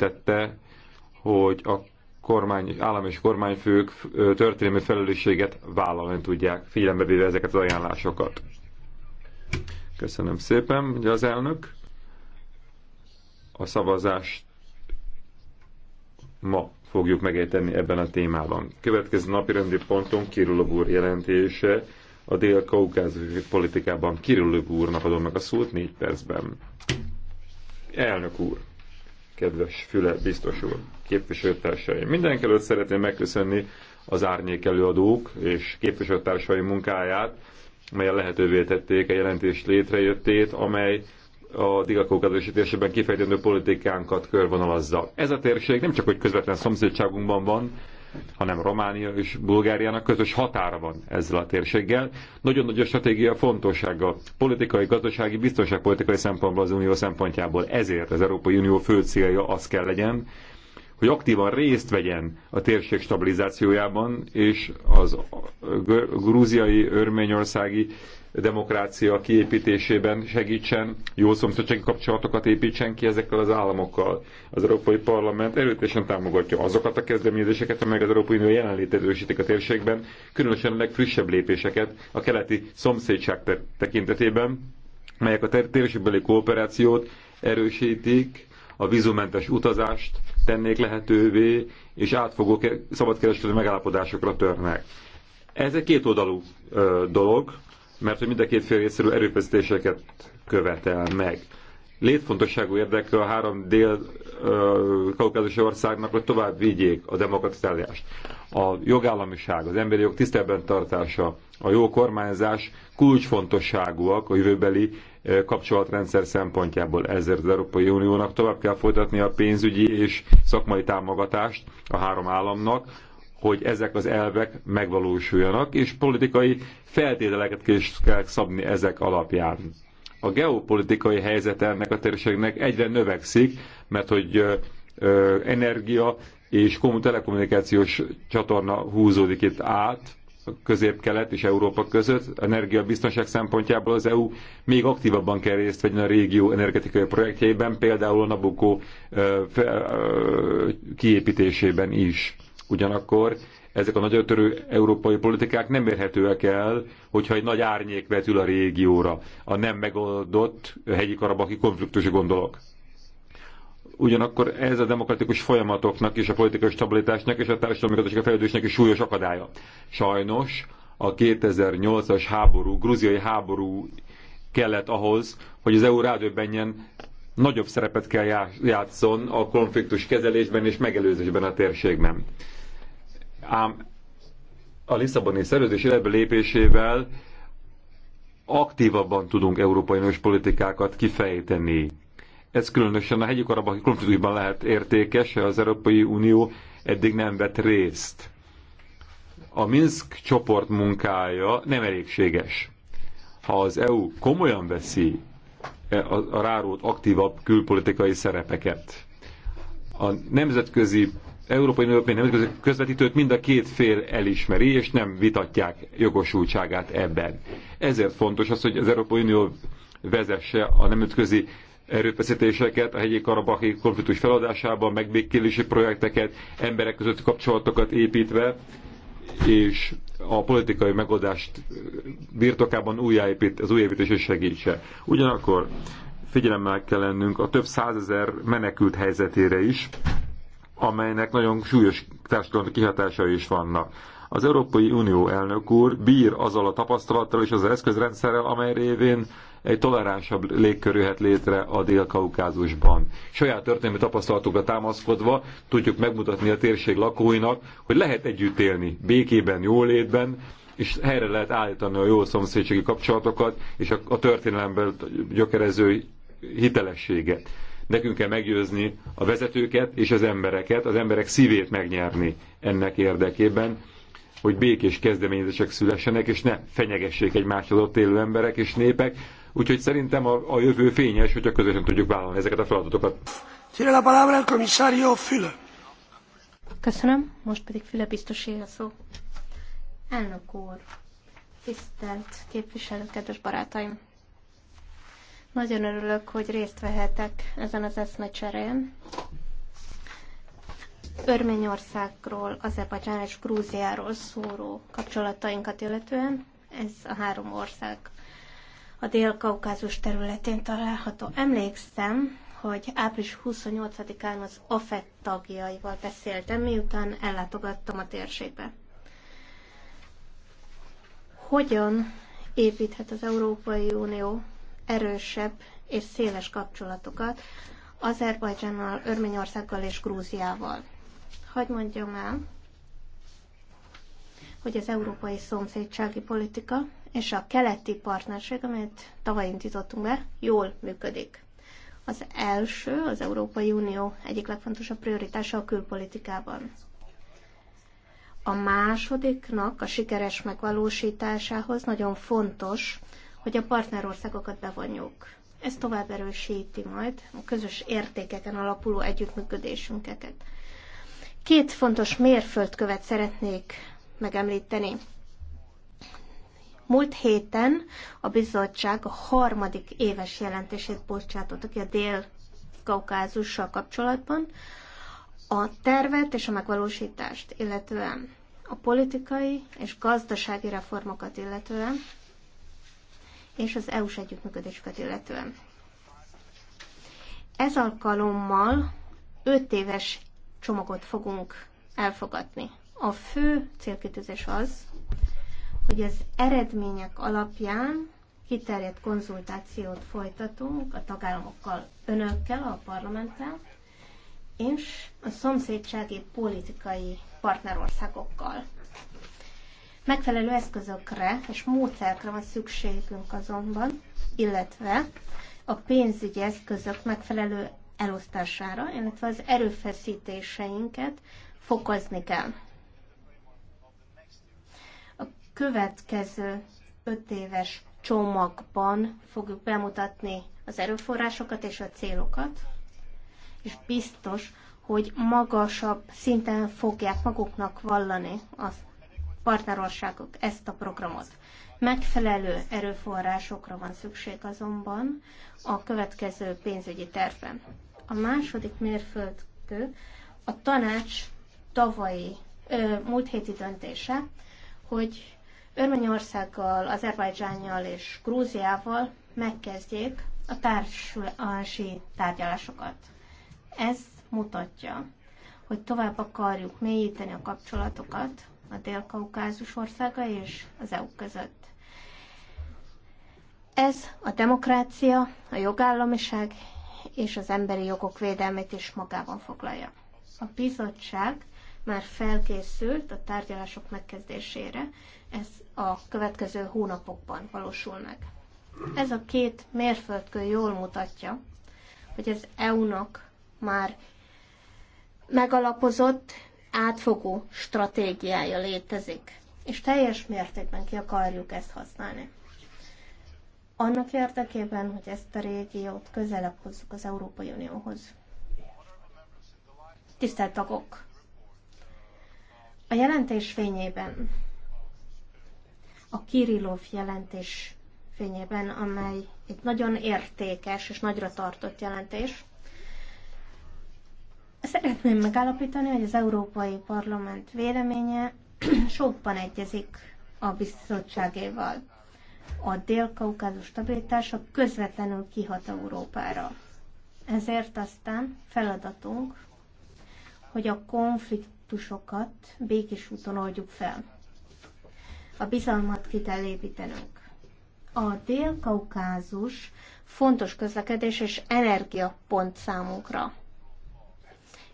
tette, hogy a kormány, állam és kormányfők történelmi felelősséget vállalni tudják, figyelembe véve ezeket az ajánlásokat. Köszönöm szépen, hogy az elnök. A szavazást ma fogjuk megérteni ebben a témában. Következő napi rendi ponton Kirillov úr jelentése a dél-kaukázusi politikában. Kirillov úrnak adom meg a szót négy percben. Elnök úr! kedves Füle biztos úr, képviselőtársaim. előtt szeretném megköszönni az árnyék előadók és képviselőtársaim munkáját, melyen lehetővé tették a jelentés létrejöttét, amely a digakókazásítésében kifejtendő politikánkat körvonalazza. Ez a térség nem csak, hogy közvetlen szomszédságunkban van, hanem Románia és Bulgáriának közös határa van ezzel a térséggel. Nagyon nagy a stratégia fontossága politikai, gazdasági, biztonságpolitikai szempontból az Unió szempontjából. Ezért az Európai Unió fő célja az kell legyen, hogy aktívan részt vegyen a térség stabilizációjában, és az grúziai, örményországi demokrácia kiépítésében segítsen, jó szomszédsági kapcsolatokat építsen ki ezekkel az államokkal. Az Európai Parlament erőtésen támogatja azokat a kezdeményezéseket, amelyek az Európai Unió jelenlétét erősítik a térségben, különösen a legfrissebb lépéseket a keleti szomszédság tekintetében, melyek a térségbeli kooperációt erősítik, a vízumentes utazást tennék lehetővé, és átfogó szabadkereskedő megállapodásokra törnek. Ez egy kétoldalú dolog, mert hogy mind a két fél részéről erőfeszítéseket követel meg. Létfontosságú érdeke a három dél-kaukázusi országnak, hogy tovább vigyék a demokratizálást. A jogállamiság, az emberi jog tisztelben tartása, a jó kormányzás kulcsfontosságúak a jövőbeli kapcsolatrendszer szempontjából. Ezért az Európai Uniónak tovább kell folytatni a pénzügyi és szakmai támogatást a három államnak, hogy ezek az elvek megvalósuljanak, és politikai feltételeket is kell szabni ezek alapján. A geopolitikai helyzet ennek a térségnek egyre növekszik, mert hogy energia és telekommunikációs csatorna húzódik itt át, közép-kelet és Európa között. Energiabiztonság szempontjából az EU még aktívabban kell részt vegyen a régió energetikai projektjeiben, például a Nabucco kiépítésében is. Ugyanakkor ezek a nagyötörő európai politikák nem érhetőek el, hogyha egy nagy árnyék vetül a régióra, a nem megoldott hegyi karabaki konfliktusi gondolok. Ugyanakkor ez a demokratikus folyamatoknak és a politikai stabilitásnak és a társadalmi fejlődésnek is súlyos akadálya. Sajnos a 2008-as háború, grúziai háború kellett ahhoz, hogy az EU rádöbbenjen, nagyobb szerepet kell játszon a konfliktus kezelésben és megelőzésben a térségben ám a Lisszaboni szerződés életbe lépésével aktívabban tudunk európai nős politikákat kifejteni. Ez különösen a hegyi karabaki konfliktusban lehet értékes, az Európai Unió eddig nem vett részt. A Minsk csoport munkája nem elégséges. Ha az EU komolyan veszi e a rárót aktívabb külpolitikai szerepeket, a nemzetközi Európai Nőmény Nemzetközi Közvetítőt mind a két fél elismeri, és nem vitatják jogosultságát ebben. Ezért fontos az, hogy az Európai Unió vezesse a nemzetközi erőfeszítéseket, a hegyi karabahi konfliktus feladásában, megbékélési projekteket, emberek közötti kapcsolatokat építve, és a politikai megoldást birtokában újjáépít, az újjáépítését segítse. Ugyanakkor figyelemmel kell lennünk a több százezer menekült helyzetére is, amelynek nagyon súlyos társadalmi kihatásai is vannak. Az Európai Unió elnök úr bír azzal a tapasztalattal és az eszközrendszerrel, amely révén egy toleránsabb légkör jöhet létre a Dél-Kaukázusban. Saját történelmi tapasztalatokra támaszkodva tudjuk megmutatni a térség lakóinak, hogy lehet együtt élni, békében, jólétben, és helyre lehet állítani a jó szomszédségi kapcsolatokat és a, a történelemből gyökerező hitelességet Nekünk kell meggyőzni a vezetőket és az embereket, az emberek szívét megnyerni ennek érdekében, hogy békés kezdeményezések szülessenek, és ne fenyegessék egymást az ott élő emberek és népek. Úgyhogy szerintem a, a jövő fényes, hogyha közösen tudjuk vállalni ezeket a feladatokat. Tiene la palabra el comisario Füle. Köszönöm, most pedig Füle biztos a szó. Elnök úr, tisztelt képviselő, kedves barátaim! Nagyon örülök, hogy részt vehetek ezen az eszmecserén. Örményországról, Azerbajdzsán és Grúziáról szóró kapcsolatainkat illetően, ez a három ország a Dél-Kaukázus területén található. Emlékszem, hogy április 28-án az AFET tagjaival beszéltem, miután ellátogattam a térségbe. Hogyan építhet az Európai Unió erősebb és széles kapcsolatokat Azerbajdzsánnal, Örményországgal és Grúziával. Hagy mondjam el, hogy az európai szomszédsági politika és a keleti partnerség, amit tavaly indítottunk be, jól működik. Az első, az Európai Unió egyik legfontosabb prioritása a külpolitikában. A másodiknak a sikeres megvalósításához nagyon fontos, hogy a partnerországokat bevonjuk. Ez tovább erősíti majd a közös értékeken alapuló együttműködésünket. Két fontos mérföldkövet szeretnék megemlíteni. Múlt héten a bizottság a harmadik éves jelentését bocsátott ki a Dél-Kaukázussal kapcsolatban, a tervet és a megvalósítást, illetően a politikai és gazdasági reformokat illetően, és az EU-s együttműködéseket illetően. Ez alkalommal 5 éves csomagot fogunk elfogadni. A fő célkitűzés az, hogy az eredmények alapján kiterjedt konzultációt folytatunk a tagállamokkal, önökkel, a parlamenttel, és a szomszédsági politikai partnerországokkal. Megfelelő eszközökre és módszerekre van szükségünk azonban, illetve a pénzügyi eszközök megfelelő elosztására, illetve az erőfeszítéseinket fokozni kell. A következő öt éves csomagban fogjuk bemutatni az erőforrásokat és a célokat, és biztos, hogy magasabb szinten fogják maguknak vallani azt, partnerországok ezt a programot. Megfelelő erőforrásokra van szükség azonban a következő pénzügyi tervben. A második mérföldkő a tanács tavalyi, ö, múlt héti döntése, hogy Örményországgal, Azerbajdzsánnyal és Grúziával megkezdjék a társulási tárgyalásokat. Ez mutatja, hogy tovább akarjuk mélyíteni a kapcsolatokat a Dél-Kaukázus országa és az EU között. Ez a demokrácia, a jogállamiság és az emberi jogok védelmét is magában foglalja. A bizottság már felkészült a tárgyalások megkezdésére, ez a következő hónapokban valósul meg. Ez a két mérföldkő jól mutatja, hogy az EU-nak már megalapozott átfogó stratégiája létezik, és teljes mértékben ki akarjuk ezt használni. Annak érdekében, hogy ezt a régiót közelebb hozzuk az Európai Unióhoz. Tisztelt tagok! A jelentés fényében, a Kirillov jelentés fényében, amely egy nagyon értékes és nagyra tartott jelentés, Szeretném megállapítani, hogy az Európai Parlament véleménye sokban egyezik a bizottságéval. A dél-kaukázus stabilitása közvetlenül kihat Európára. Ezért aztán feladatunk, hogy a konfliktusokat békés úton oldjuk fel. A bizalmat ki kell építenünk. A dél-kaukázus fontos közlekedés és energiapont számunkra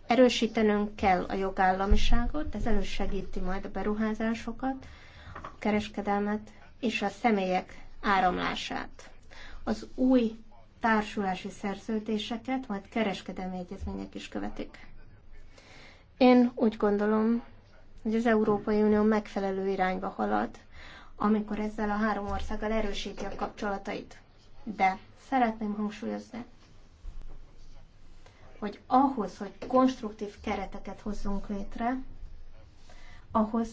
Erősítenünk kell a jogállamiságot, ez elősegíti majd a beruházásokat, a kereskedelmet és a személyek áramlását. Az új társulási szerződéseket, majd kereskedelmi egyezmények is követik. Én úgy gondolom, hogy az Európai Unió megfelelő irányba halad, amikor ezzel a három országgal erősíti a kapcsolatait. De szeretném hangsúlyozni, hogy ahhoz, hogy konstruktív kereteket hozzunk létre, ahhoz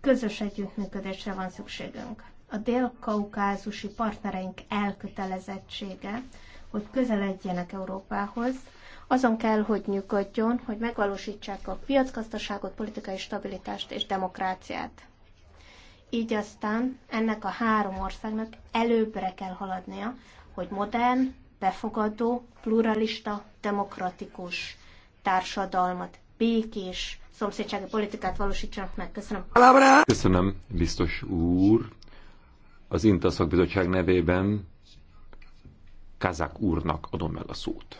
közös együttműködésre van szükségünk. A dél-kaukázusi partnereink elkötelezettsége, hogy közeledjenek Európához, azon kell, hogy nyugodjon, hogy megvalósítsák a piacgazdaságot, politikai stabilitást és demokráciát. Így aztán ennek a három országnak előbbre kell haladnia, hogy modern, befogadó, pluralista, demokratikus társadalmat, békés szomszédsági politikát valósítsanak meg. Köszönöm. Köszönöm, biztos úr. Az INTA szakbizottság nevében Kazak úrnak adom meg a szót.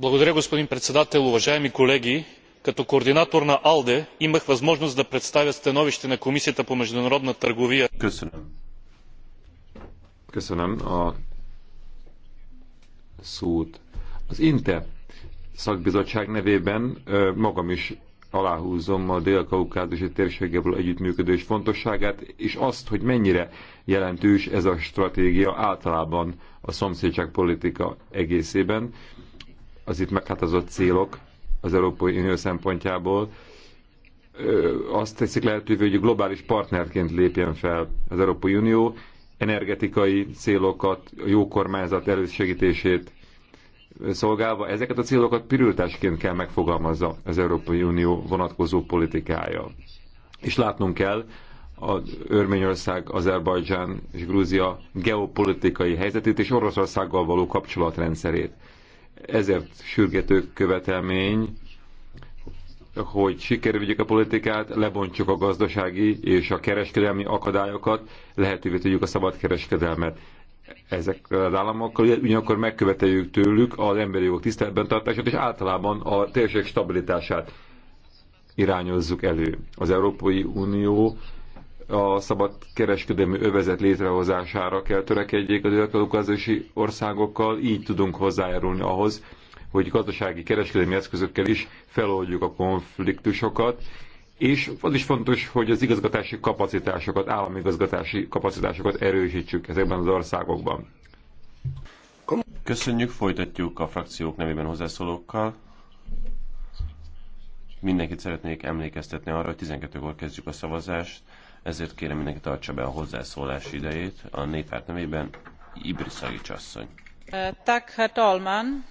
Благодаря, господин председател. Уважаеми колеги, като координатор на АЛДЕ имах възможност да представя становище на Комисията по международна търговия. Köszönöm. Köszönöm. A szót. Az INTE szakbizottság nevében magam is aláhúzom a dél-kaukázusi térségéből együttműködés fontosságát, és azt, hogy mennyire jelentős ez a stratégia általában a szomszédság politika egészében. Az itt meghatározott célok az Európai Unió szempontjából azt teszik lehetővé, hogy globális partnerként lépjen fel az Európai Unió, energetikai célokat, a jó kormányzat elősegítését szolgálva, ezeket a célokat pirültásként kell megfogalmazza az Európai Unió vonatkozó politikája. És látnunk kell, az Örményország, Azerbajdzsán és Grúzia geopolitikai helyzetét és Oroszországgal való kapcsolatrendszerét. Ezért sürgető követelmény, hogy sikerüljük a politikát, lebontjuk a gazdasági és a kereskedelmi akadályokat, lehetővé tegyük a szabad kereskedelmet ezek az államokkal, ugyanakkor megköveteljük tőlük az emberi jogok tiszteletben tartását, és általában a térség stabilitását irányozzuk elő. Az Európai Unió a szabad kereskedelmi övezet létrehozására kell törekedjék az gazdasági országokkal, így tudunk hozzájárulni ahhoz, hogy gazdasági kereskedelmi eszközökkel is feloldjuk a konfliktusokat, és az is fontos, hogy az igazgatási kapacitásokat, állami igazgatási kapacitásokat erősítsük ezekben az országokban. Köszönjük, folytatjuk a frakciók nevében hozzászólókkal. Mindenkit szeretnék emlékeztetni arra, hogy 12-kor kezdjük a szavazást, ezért kérem mindenki tartsa be a hozzászólás idejét. A néppárt nevében Ibris Szagics asszony. Eh, tak, Herr Talman.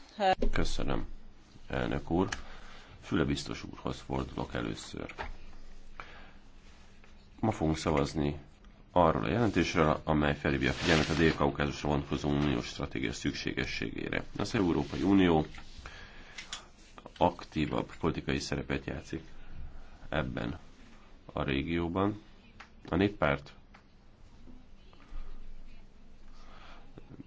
Köszönöm, elnök úr. Füle biztos úrhoz fordulok először. Ma fogunk szavazni arról a jelentésről, amely felhívja a figyelmet a Dél-Kaukázusra vonatkozó uniós stratégia szükségességére. Az Európai Unió aktívabb politikai szerepet játszik ebben a régióban. A néppárt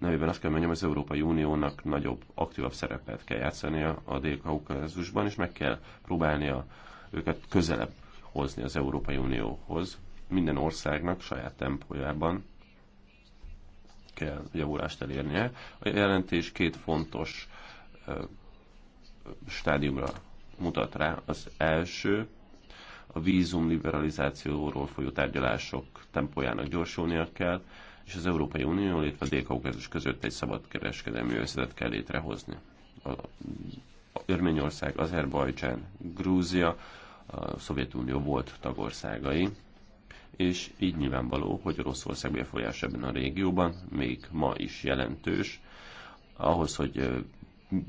nevében azt kell mondjam, az Európai Uniónak nagyobb, aktívabb szerepet kell játszania a Dél-Kaukázusban, és meg kell próbálnia őket közelebb hozni az Európai Unióhoz. Minden országnak saját tempójában kell javulást elérnie. A jelentés két fontos stádiumra mutat rá. Az első a vízum liberalizációról folyó tárgyalások tempójának gyorsulnia kell, és az Európai Unió, illetve a Dél-Kaukázus között egy szabadkereskedelmi összetet kell létrehozni. A Örményország, Azerbajdzsán, Grúzia, a Szovjetunió volt tagországai, és így nyilvánvaló, hogy Oroszország befolyás ebben a régióban még ma is jelentős. Ahhoz, hogy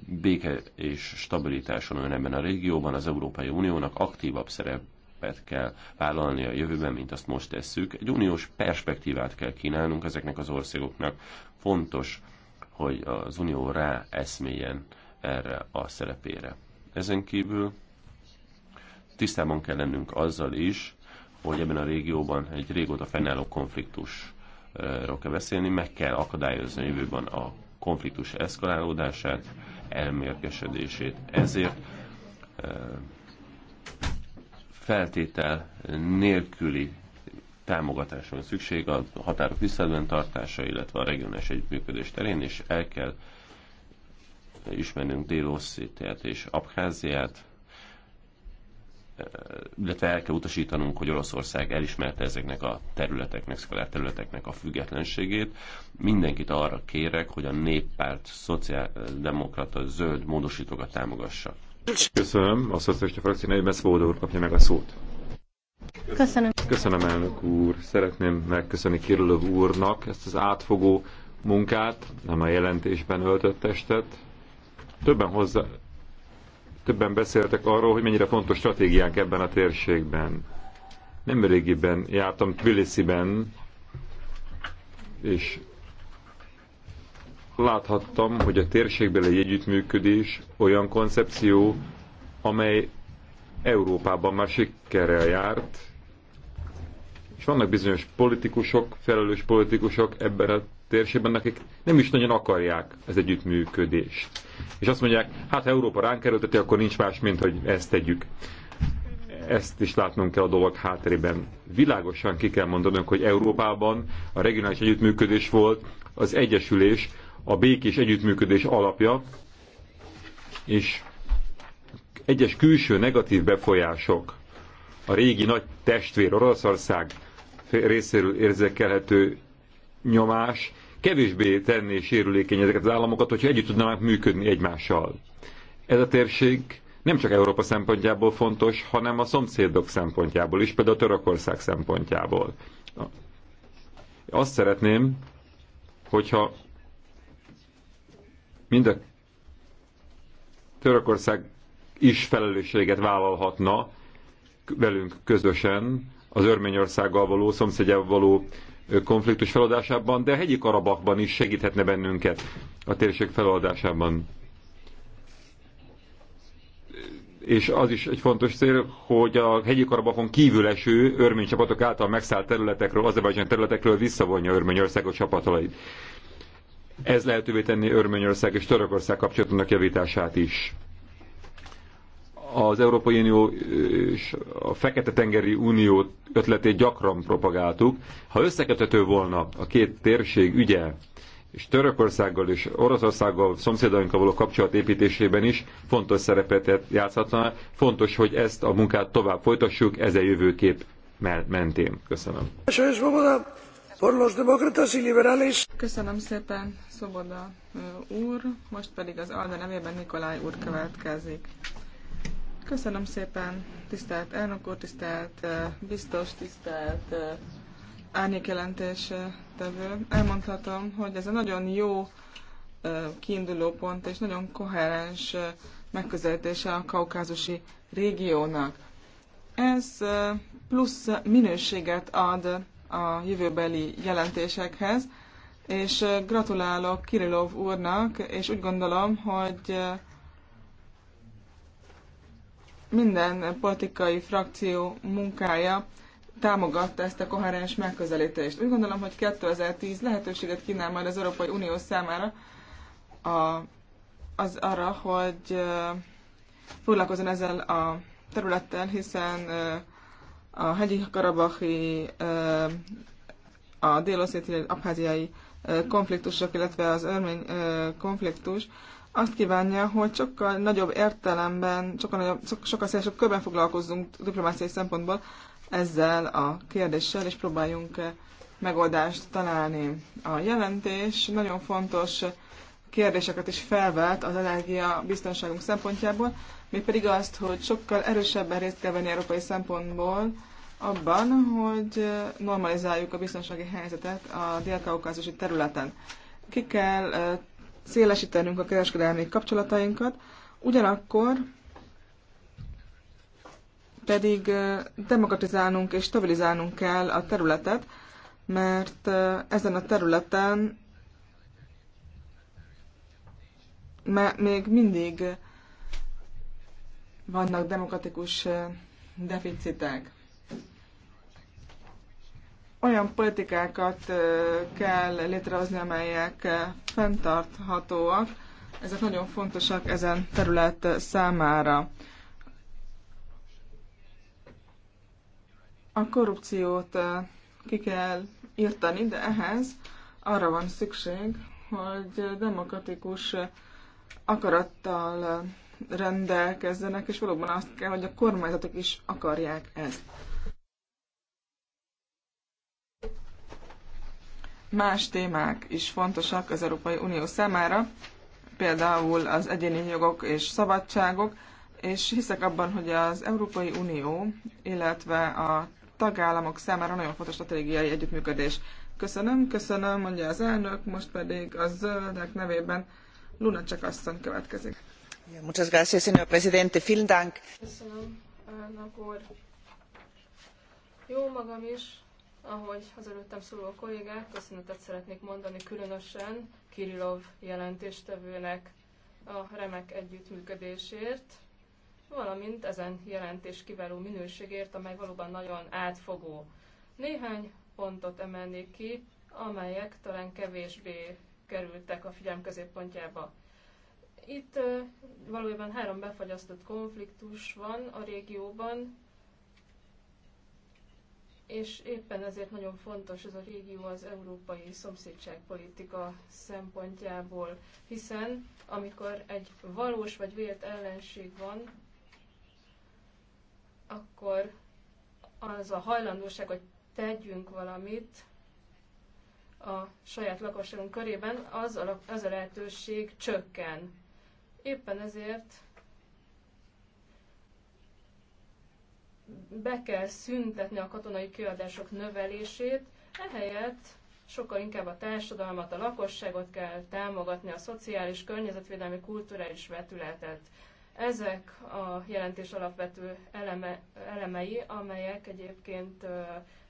béke és stabilitáson olyan ebben a régióban, az Európai Uniónak aktívabb szerep szerepet kell vállalni a jövőben, mint azt most tesszük. Egy uniós perspektívát kell kínálnunk ezeknek az országoknak. Fontos, hogy az unió rá eszméljen erre a szerepére. Ezen kívül tisztában kell lennünk azzal is, hogy ebben a régióban egy régóta fennálló konfliktusról kell beszélni, meg kell akadályozni a jövőben a konfliktus eszkalálódását, elmérgesedését. Ezért eh, feltétel nélküli támogatásra van szükség a határok visszaadóan tartása, illetve a regionális együttműködés terén, és el kell ismernünk dél és Abkháziát, illetve el kell utasítanunk, hogy Oroszország elismerte ezeknek a területeknek, szkolár területeknek a függetlenségét. Mindenkit arra kérek, hogy a néppárt szociáldemokrata zöld módosítókat támogassa. Köszönöm. Azt hiszem, hogy a frakció nevében Szvóda úr kapja meg a szót. Köszönöm. Köszönöm, elnök úr. Szeretném megköszönni Kirillov úrnak ezt az átfogó munkát, nem a jelentésben öltött testet. Többen hozzá, többen beszéltek arról, hogy mennyire fontos stratégiánk ebben a térségben. Nemrégiben jártam Tbilisi-ben, és láthattam, hogy a térségbeli együttműködés olyan koncepció, amely Európában már sikerrel járt, és vannak bizonyos politikusok, felelős politikusok ebben a térségben, akik nem is nagyon akarják az együttműködést. És azt mondják, hát ha Európa ránk erőlteti, akkor nincs más, mint hogy ezt tegyük. Ezt is látnunk kell a dolog hátterében. Világosan ki kell mondanunk, hogy Európában a regionális együttműködés volt az egyesülés, a békés együttműködés alapja, és egyes külső negatív befolyások, a régi nagy testvér Oroszország részéről érzekelhető nyomás kevésbé tenné sérülékeny ezeket az államokat, hogyha együtt tudnának működni egymással. Ez a térség nem csak Európa szempontjából fontos, hanem a szomszédok szempontjából is, például a Törökország szempontjából. Azt szeretném, hogyha mind a Törökország is felelősséget vállalhatna velünk közösen az Örményországgal való, szomszédjával való konfliktus feladásában, de a hegyi Karabakban is segíthetne bennünket a térség feladásában. És az is egy fontos cél, hogy a hegyi Karabakon kívül eső örmény csapatok által megszállt területekről, Azerbajdzsán területekről visszavonja Örményország a ez lehetővé tenni Örményország és Törökország kapcsolatának javítását is. Az Európai Unió és a Fekete-tengeri Unió ötletét gyakran propagáltuk. Ha összekötető volna a két térség ügye, és Törökországgal és Oroszországgal, szomszédainkkal való kapcsolat építésében is fontos szerepet játszhatna. Fontos, hogy ezt a munkát tovább folytassuk, ez a jövőkép mentén. Köszönöm. Köszönöm szépen, Szoboda úr. Most pedig az Alda nevében Nikolaj úr következik. Köszönöm szépen, tisztelt elnök úr, tisztelt biztos, tisztelt árnyékjelentés tevő. Elmondhatom, hogy ez a nagyon jó kiinduló pont és nagyon koherens megközelítése a kaukázusi régiónak. Ez plusz minőséget ad a jövőbeli jelentésekhez, és gratulálok Kirilov úrnak, és úgy gondolom, hogy minden politikai frakció munkája támogatta ezt a koherens megközelítést. Úgy gondolom, hogy 2010 lehetőséget kínál majd az Európai Unió számára a, az arra, hogy foglalkozzon ezzel a területtel, hiszen a hegyi karabahi, a déloszétiai, abháziai konfliktusok, illetve az örmény konfliktus azt kívánja, hogy sokkal nagyobb értelemben, sokkal, nagyobb, sokkal szélesebb körben foglalkozzunk diplomáciai szempontból ezzel a kérdéssel, és próbáljunk megoldást találni. A jelentés nagyon fontos kérdéseket is felvet az energia biztonságunk szempontjából, mi pedig azt, hogy sokkal erősebben részt kell venni európai szempontból abban, hogy normalizáljuk a biztonsági helyzetet a dél-kaukázusi területen. Ki kell szélesítenünk a kereskedelmi kapcsolatainkat, ugyanakkor pedig demokratizálnunk és stabilizálnunk kell a területet, mert ezen a területen még mindig vannak demokratikus deficitek. Olyan politikákat kell létrehozni, amelyek fenntarthatóak, ezek nagyon fontosak ezen terület számára. A korrupciót ki kell írtani, de ehhez arra van szükség, hogy demokratikus akarattal rendelkezzenek, és valóban azt kell, hogy a kormányzatok is akarják ezt. Más témák is fontosak az Európai Unió számára, például az egyéni jogok és szabadságok, és hiszek abban, hogy az Európai Unió, illetve a tagállamok számára nagyon fontos stratégiai együttműködés. Köszönöm, köszönöm, mondja az elnök, most pedig a zöldek nevében Luna Csak asszony következik. Köszönöm, elnök úr. magam is, ahogy az előttem szóló kollégák, köszönetet szeretnék mondani különösen kirilov jelentéstevőnek a remek együttműködésért, valamint ezen jelentés kiváló minőségért, amely valóban nagyon átfogó. Néhány pontot emelnék ki, amelyek talán kevésbé kerültek a figyelem középpontjába. Itt valójában három befagyasztott konfliktus van a régióban, és éppen ezért nagyon fontos ez a régió az európai szomszédságpolitika szempontjából, hiszen amikor egy valós vagy vélt ellenség van, akkor az a hajlandóság, hogy tegyünk valamit a saját lakosságunk körében, az a, az a lehetőség csökken Éppen ezért be kell szüntetni a katonai kiadások növelését, ehelyett sokkal inkább a társadalmat, a lakosságot kell támogatni, a szociális, környezetvédelmi, kulturális vetületet. Ezek a jelentés alapvető eleme, elemei, amelyek egyébként ö,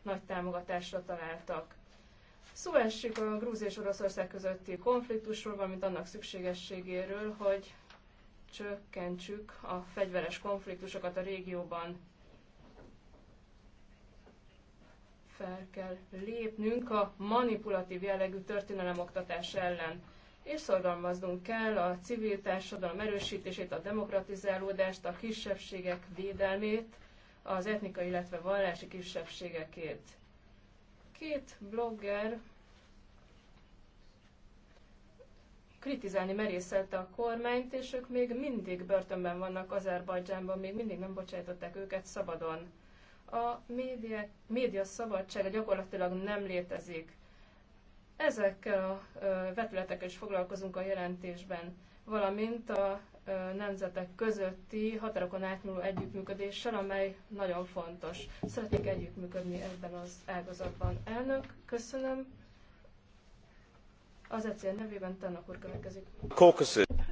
nagy támogatásra találtak. Szó esik a Grúz és Oroszország közötti konfliktusról, valamint annak szükségességéről, hogy csökkentsük a fegyveres konfliktusokat a régióban. Fel kell lépnünk a manipulatív jellegű történelemoktatás ellen, és szorgalmaznunk kell a civil társadalom erősítését, a demokratizálódást, a kisebbségek védelmét, az etnikai, illetve vallási kisebbségekét. Két blogger kritizálni merészelte a kormányt, és ők még mindig börtönben vannak Azerbajdzsánban, még mindig nem bocsájtották őket szabadon. A média, média szabadsága gyakorlatilag nem létezik. Ezekkel a vetületekkel is foglalkozunk a jelentésben, valamint a nemzetek közötti határokon átnyúló együttműködéssel, amely nagyon fontos. Szeretnék együttműködni ebben az ágazatban. Elnök, köszönöm. Az ECR nevében Tannak úr következik.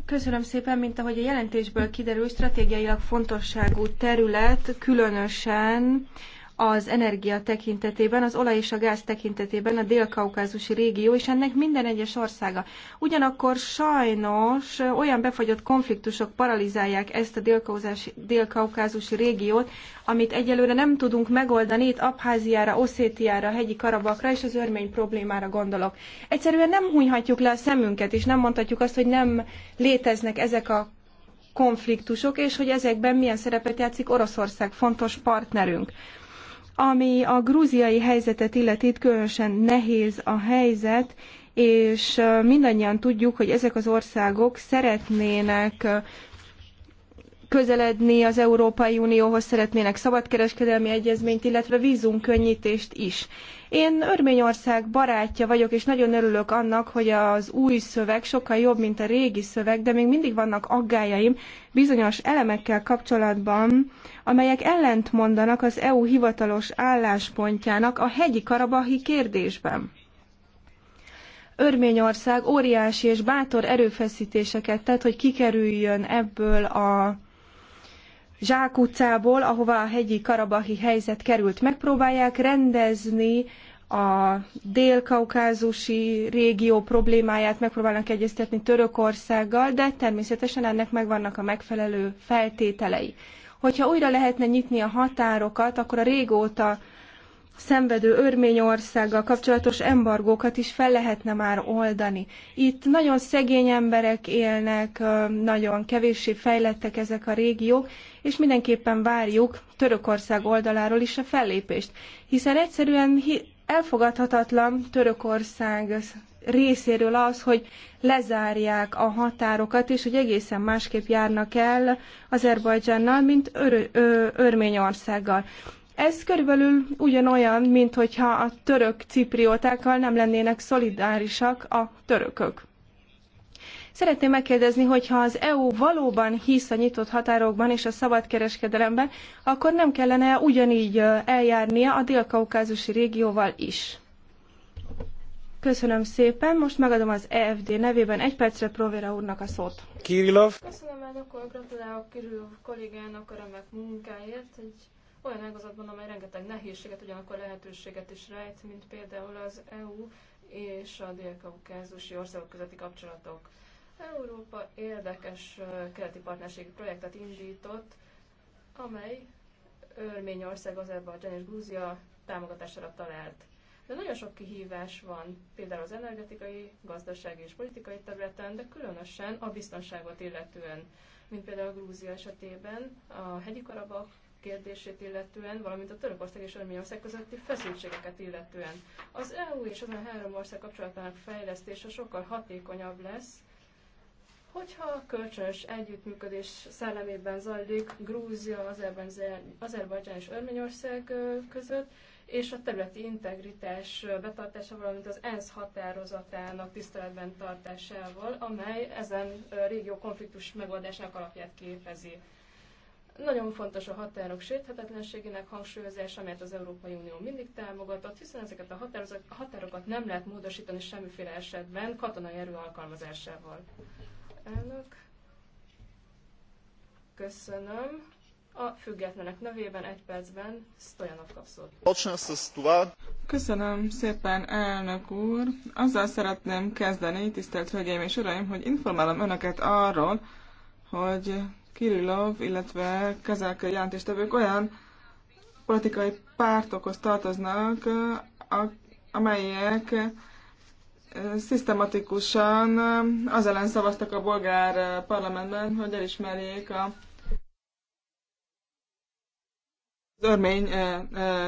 Köszönöm szépen, mint ahogy a jelentésből kiderül, stratégiailag fontosságú terület, különösen az energia tekintetében, az olaj és a gáz tekintetében a dél-kaukázusi régió, és ennek minden egyes országa. Ugyanakkor sajnos olyan befagyott konfliktusok paralizálják ezt a dél-kaukázusi régiót, amit egyelőre nem tudunk megoldani, itt Abháziára, Oszétiára, Hegyi Karabakra és az örmény problémára gondolok. Egyszerűen nem hunyhatjuk le a szemünket, és nem mondhatjuk azt, hogy nem léteznek ezek a konfliktusok, és hogy ezekben milyen szerepet játszik Oroszország, fontos partnerünk. Ami a grúziai helyzetet illeti, itt különösen nehéz a helyzet, és mindannyian tudjuk, hogy ezek az országok szeretnének közeledni az Európai Unióhoz, szeretnének szabadkereskedelmi egyezményt, illetve vízumkönnyítést is. Én Örményország barátja vagyok, és nagyon örülök annak, hogy az új szöveg sokkal jobb, mint a régi szöveg, de még mindig vannak aggájaim bizonyos elemekkel kapcsolatban, amelyek ellentmondanak az EU hivatalos álláspontjának a hegyi karabahi kérdésben. Örményország óriási és bátor erőfeszítéseket tett, hogy kikerüljön ebből a utcából, ahova a hegyi karabahi helyzet került. Megpróbálják rendezni a dél-kaukázusi régió problémáját megpróbálnak egyeztetni Törökországgal, de természetesen ennek megvannak a megfelelő feltételei. Hogyha újra lehetne nyitni a határokat, akkor a régóta szenvedő Örményországgal kapcsolatos embargókat is fel lehetne már oldani. Itt nagyon szegény emberek élnek, nagyon kevéssé fejlettek ezek a régiók, és mindenképpen várjuk Törökország oldaláról is a fellépést, hiszen egyszerűen elfogadhatatlan Törökország részéről az, hogy lezárják a határokat, és hogy egészen másképp járnak el Azerbajdzsánnal, mint Ör- Örményországgal. Ez körülbelül ugyanolyan, mint hogyha a török cipriótákkal nem lennének szolidárisak a törökök. Szeretném megkérdezni, hogy ha az EU valóban hisz a nyitott határokban és a szabad kereskedelemben, akkor nem kellene ugyanígy eljárnia a dél-kaukázusi régióval is. Köszönöm szépen, most megadom az EFD nevében egy percre Provera úrnak a szót. Kirillov. Köszönöm elnök úr, gratulálok Kirillov kollégának a remek munkáért, egy olyan ágazatban, amely rengeteg nehézséget, ugyanakkor lehetőséget is rejt, mint például az EU és a dél-kaukázusi országok közötti kapcsolatok. Európa érdekes keleti partnerségi projektet indított, amely Örményország, Azerbajdzsán és Grúzia támogatására talált. De nagyon sok kihívás van, például az energetikai, gazdasági és politikai területen, de különösen a biztonságot illetően, mint például a Grúzia esetében, a hegyi Karabak kérdését illetően, valamint a Törökország és Örményország közötti feszültségeket illetően. Az EU és azon három ország kapcsolatának fejlesztése sokkal hatékonyabb lesz, hogyha a kölcsönös együttműködés szellemében zajlik Grúzia, Azerbajdzsán és Örményország között, és a területi integritás betartása, valamint az ENSZ határozatának tiszteletben tartásával, amely ezen régió konfliktus megoldásának alapját képezi. Nagyon fontos a határok sérthetetlenségének hangsúlyozása, amelyet az Európai Unió mindig támogatott, hiszen ezeket a határokat nem lehet módosítani semmiféle esetben katonai erő alkalmazásával. Elnök. Köszönöm. A függetlenek nevében egy percben Stojanov kapszott. Köszönöm szépen, elnök úr. Azzal szeretném kezdeni, tisztelt Hölgyeim és Uraim, hogy informálom Önöket arról, hogy Kirillov, illetve Kazák jelentéstevők olyan politikai pártokhoz tartoznak, amelyek eh, szisztematikusan eh, az ellen szavaztak a bolgár eh, parlamentben, hogy elismerjék a örmény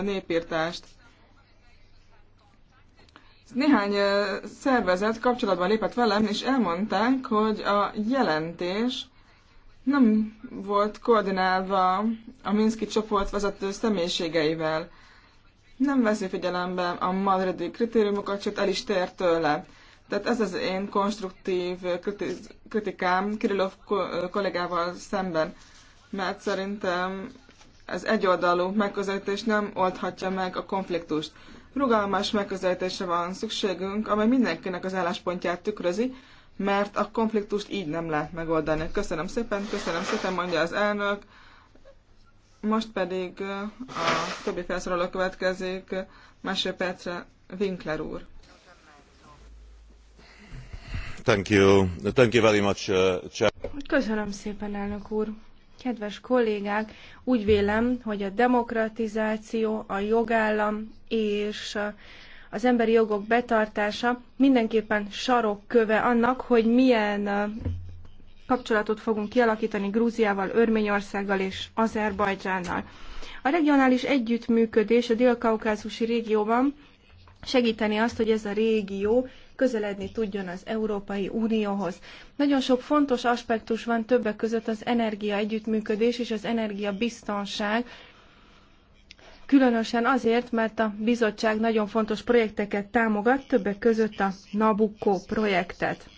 népírtást. Néhány szervezet kapcsolatban lépett velem, és elmondták, hogy a jelentés nem volt koordinálva a Minszki csoport vezető személyiségeivel. Nem veszi figyelembe a madridi kritériumokat, sőt el is tér tőle. Tehát ez az én konstruktív kritikám Kirillov kollégával szemben, mert szerintem ez egyoldalú megközelítés nem oldhatja meg a konfliktust. Rugalmas megközelítésre van szükségünk, amely mindenkinek az álláspontját tükrözi, mert a konfliktust így nem lehet megoldani. Köszönöm szépen, köszönöm szépen, mondja az elnök. Most pedig a többi felszólaló következik, Petre Winkler úr. Thank you. Thank you very much, uh, Köszönöm szépen, elnök úr. Kedves kollégák, úgy vélem, hogy a demokratizáció, a jogállam és az emberi jogok betartása mindenképpen sarokköve annak, hogy milyen kapcsolatot fogunk kialakítani Grúziával, Örményországgal és Azerbajdzsánnal. A regionális együttműködés a dél-kaukázusi régióban segíteni azt, hogy ez a régió közeledni tudjon az Európai Unióhoz. Nagyon sok fontos aspektus van többek között az energia együttműködés és az energiabiztonság, Különösen azért, mert a bizottság nagyon fontos projekteket támogat, többek között a Nabucco projektet.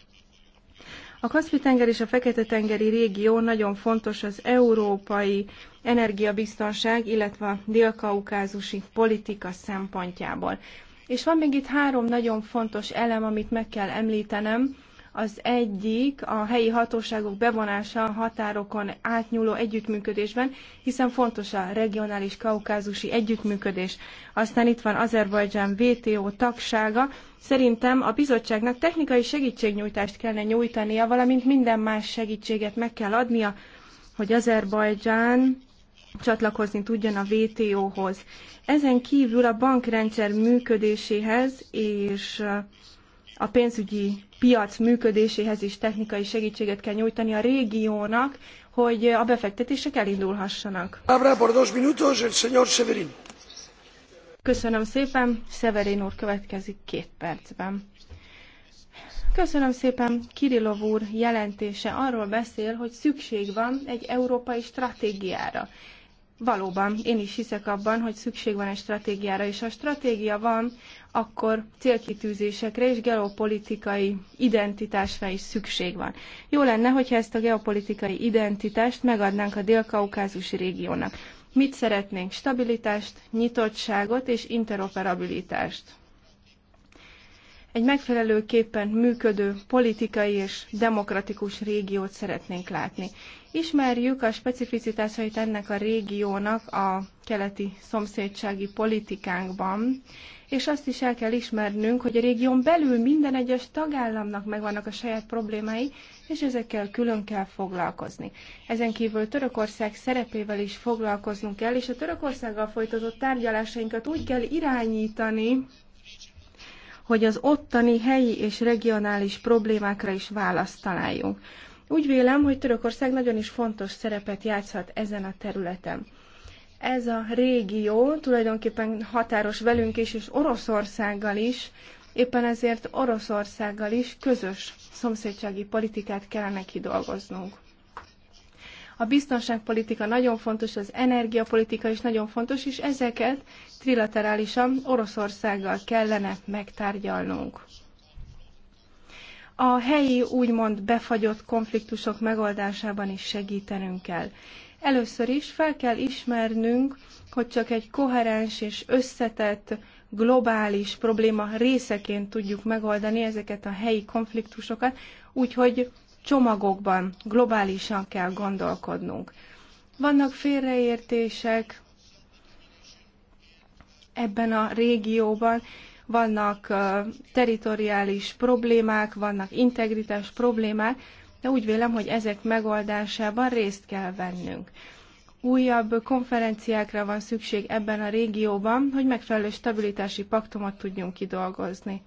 A Kaszpi-tenger és a Fekete-tengeri régió nagyon fontos az európai energiabiztonság, illetve a dél-kaukázusi politika szempontjából. És van még itt három nagyon fontos elem, amit meg kell említenem, az egyik a helyi hatóságok bevonása a határokon átnyúló együttműködésben, hiszen fontos a regionális kaukázusi együttműködés. Aztán itt van Azerbajdzsán VTO tagsága. Szerintem a bizottságnak technikai segítségnyújtást kellene nyújtania, valamint minden más segítséget meg kell adnia, hogy Azerbajdzsán csatlakozni tudjon a WTO-hoz. Ezen kívül a bankrendszer működéséhez és a pénzügyi piac működéséhez is technikai segítséget kell nyújtani a régiónak, hogy a befektetések elindulhassanak. Köszönöm szépen, Severin úr következik két percben. Köszönöm szépen, Kirillov úr jelentése arról beszél, hogy szükség van egy európai stratégiára. Valóban, én is hiszek abban, hogy szükség van egy stratégiára, és ha stratégia van, akkor célkitűzésekre és geopolitikai identitásra is szükség van. Jó lenne, hogyha ezt a geopolitikai identitást megadnánk a dél-kaukázusi régiónak. Mit szeretnénk? Stabilitást, nyitottságot és interoperabilitást. Egy megfelelőképpen működő politikai és demokratikus régiót szeretnénk látni. Ismerjük a specificitásait ennek a régiónak a keleti szomszédsági politikánkban, és azt is el kell ismernünk, hogy a régión belül minden egyes tagállamnak megvannak a saját problémái, és ezekkel külön kell foglalkozni. Ezen kívül Törökország szerepével is foglalkoznunk kell, és a Törökországgal folytatott tárgyalásainkat úgy kell irányítani, hogy az ottani helyi és regionális problémákra is választ találjunk. Úgy vélem, hogy Törökország nagyon is fontos szerepet játszhat ezen a területen. Ez a régió tulajdonképpen határos velünk is, és Oroszországgal is, éppen ezért Oroszországgal is közös szomszédsági politikát kellene kidolgoznunk. A biztonságpolitika nagyon fontos, az energiapolitika is nagyon fontos, és ezeket trilaterálisan Oroszországgal kellene megtárgyalnunk. A helyi úgymond befagyott konfliktusok megoldásában is segítenünk kell. Először is fel kell ismernünk, hogy csak egy koherens és összetett globális probléma részeként tudjuk megoldani ezeket a helyi konfliktusokat, úgyhogy csomagokban globálisan kell gondolkodnunk. Vannak félreértések ebben a régióban, vannak teritoriális problémák, vannak integritás problémák, de úgy vélem, hogy ezek megoldásában részt kell vennünk. Újabb konferenciákra van szükség ebben a régióban, hogy megfelelő stabilitási paktumot tudjunk kidolgozni.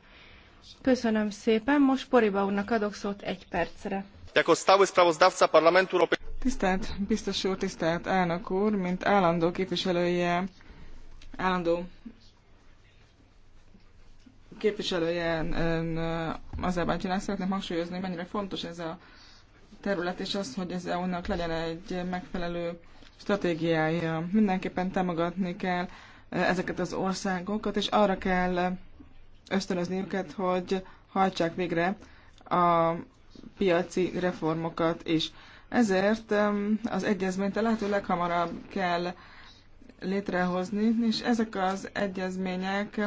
Köszönöm szépen, most Poriba úrnak adok szót egy percre. Jako stały sprawozdawca Parlamentu Europejskiego... Tisztelt biztos úr, tisztelt elnök úr, mint állandó képviselője, állandó képviselője Azerbajdzsának szeretném hangsúlyozni, hogy mennyire fontos ez a terület, és az, hogy az EU-nak legyen egy megfelelő stratégiája. Mindenképpen támogatni kell ezeket az országokat, és arra kell ösztönözni őket, hogy hajtsák végre a piaci reformokat is. Ezért az egyezményt a lehető leghamarabb kell létrehozni, és ezek az egyezmények